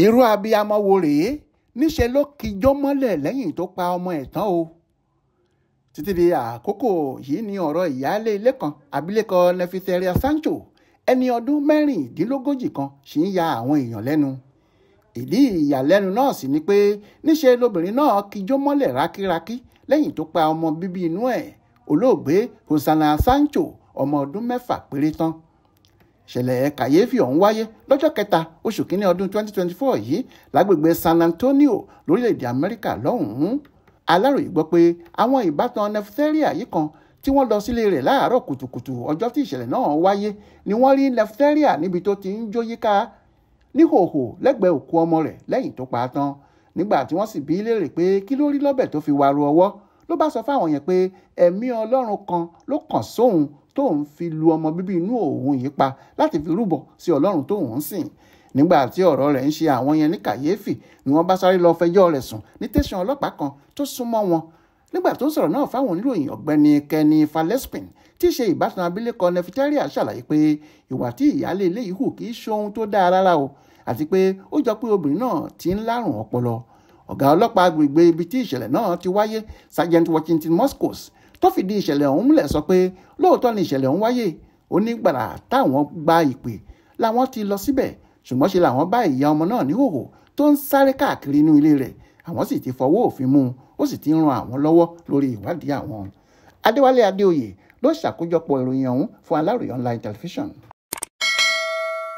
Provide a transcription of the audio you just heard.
irú abiyamọ wo rèé níṣẹ́ ló kijọ́ mọ́lẹ̀ lẹ́yìn tó pa ọmọ ẹ̀ tán o títí di àkókò yìí ni ọ̀rọ̀ ìyáálé ilé kan abilékọ nefiseria sancho ẹni ọdún mẹ́rìndínlógójì kan ṣì ń ya àwọn èèyàn lẹ́nu ìdí ìyàlẹ́nu náà sì ni pé níṣe lobìnrin náà kijó mọ́lẹ̀ rákírakí lẹ́yìn tó pa ọmọ bíbí inú ẹ̀ olóògbé hosanna sancho ọmọ ọdún mẹ́fà péré tán ṣẹlẹ̀ kàyéfì ọ̀hún wáyé lọ́jọ́ kẹta oṣù kínní ọdún 2024 yìí lágbègbè San Antonio lórílẹ̀‐èdè Amẹ́ríkà lọ́hùn-ún aláròyé gbọ́ pé àwọn ìbátan nephtheria yìí kan tí wọ́n lọ sílé rẹ̀ láàárọ̀ kùtùkùtù ọjọ́ tí ìṣẹ̀lẹ̀ náà wáyé ni wọ́n rí nephtheria níbi tó ti ń jó yíká níhòòhò lẹ́gbẹ̀ẹ́ òkú ọmọ rẹ̀ lẹ́yìn tó pa á tán nígbà tí wọ́n sì bi léèrè pé kí ló rí lọ́bẹ̀ tó fi wá ru ọwọ́ ló bá sọ fáwọn yẹn pé ẹ̀mí ọlọ́run kan ló kàn sóhun tóun fi lu ọmọ bíbí inú òun yìí pa láti fi rúbọ sí ọlọ́run tóun ń sìn nígbà tí ọ̀rọ̀ rẹ̀ ń ṣe àwọn yẹn ní kàyéfì ni wọ́n bá sáré lọ fẹjọ́ rẹ̀ sùn ní tẹ̀sán ọlọ́pàá kan tó súnmọ́ wọn nígbà tó ń sọ̀rọ̀ náà fáwọn oníròyìn ọ̀gbẹ́ni Kenny Falespin tí í ṣe ìbátan abilékọ Nefitaria ṣàlàyé pé ìwà tí ìyáálé ilé yìí hù kì í ṣe ohun tó dáa rárá o àti pé ó jọ pé obìnrin náà ti ń lárùn ọpọlọ ọ̀gá ọlọ́pàá agbègbè ibi tí ìṣẹ̀lẹ̀ náà ti wáyé sergeant washington moscos tó fìdí ìṣẹ̀lẹ̀ ọ̀hún múlẹ̀ sọ pé lóòótọ́ ni ìṣẹ̀lẹ̀ ọ̀hún wáyé onígbàrà táwọn gba ìpè làwọn ti lọ síbẹ̀ ṣùgbọ́n ṣe làwọn bá ìyá ọmọ náà níhòòhò tó ń sáré káàkiri inú ilé rẹ̀ àwọn sì ti fọwọ́ òfin mú un ó sì ti ń ran àwọn lọ́wọ́ lórí ìwádìí àwọn. adéwálé adéoyè ló ṣàkójọpọ̀ ìròyìn ọ̀hún fún aláròyìn online television.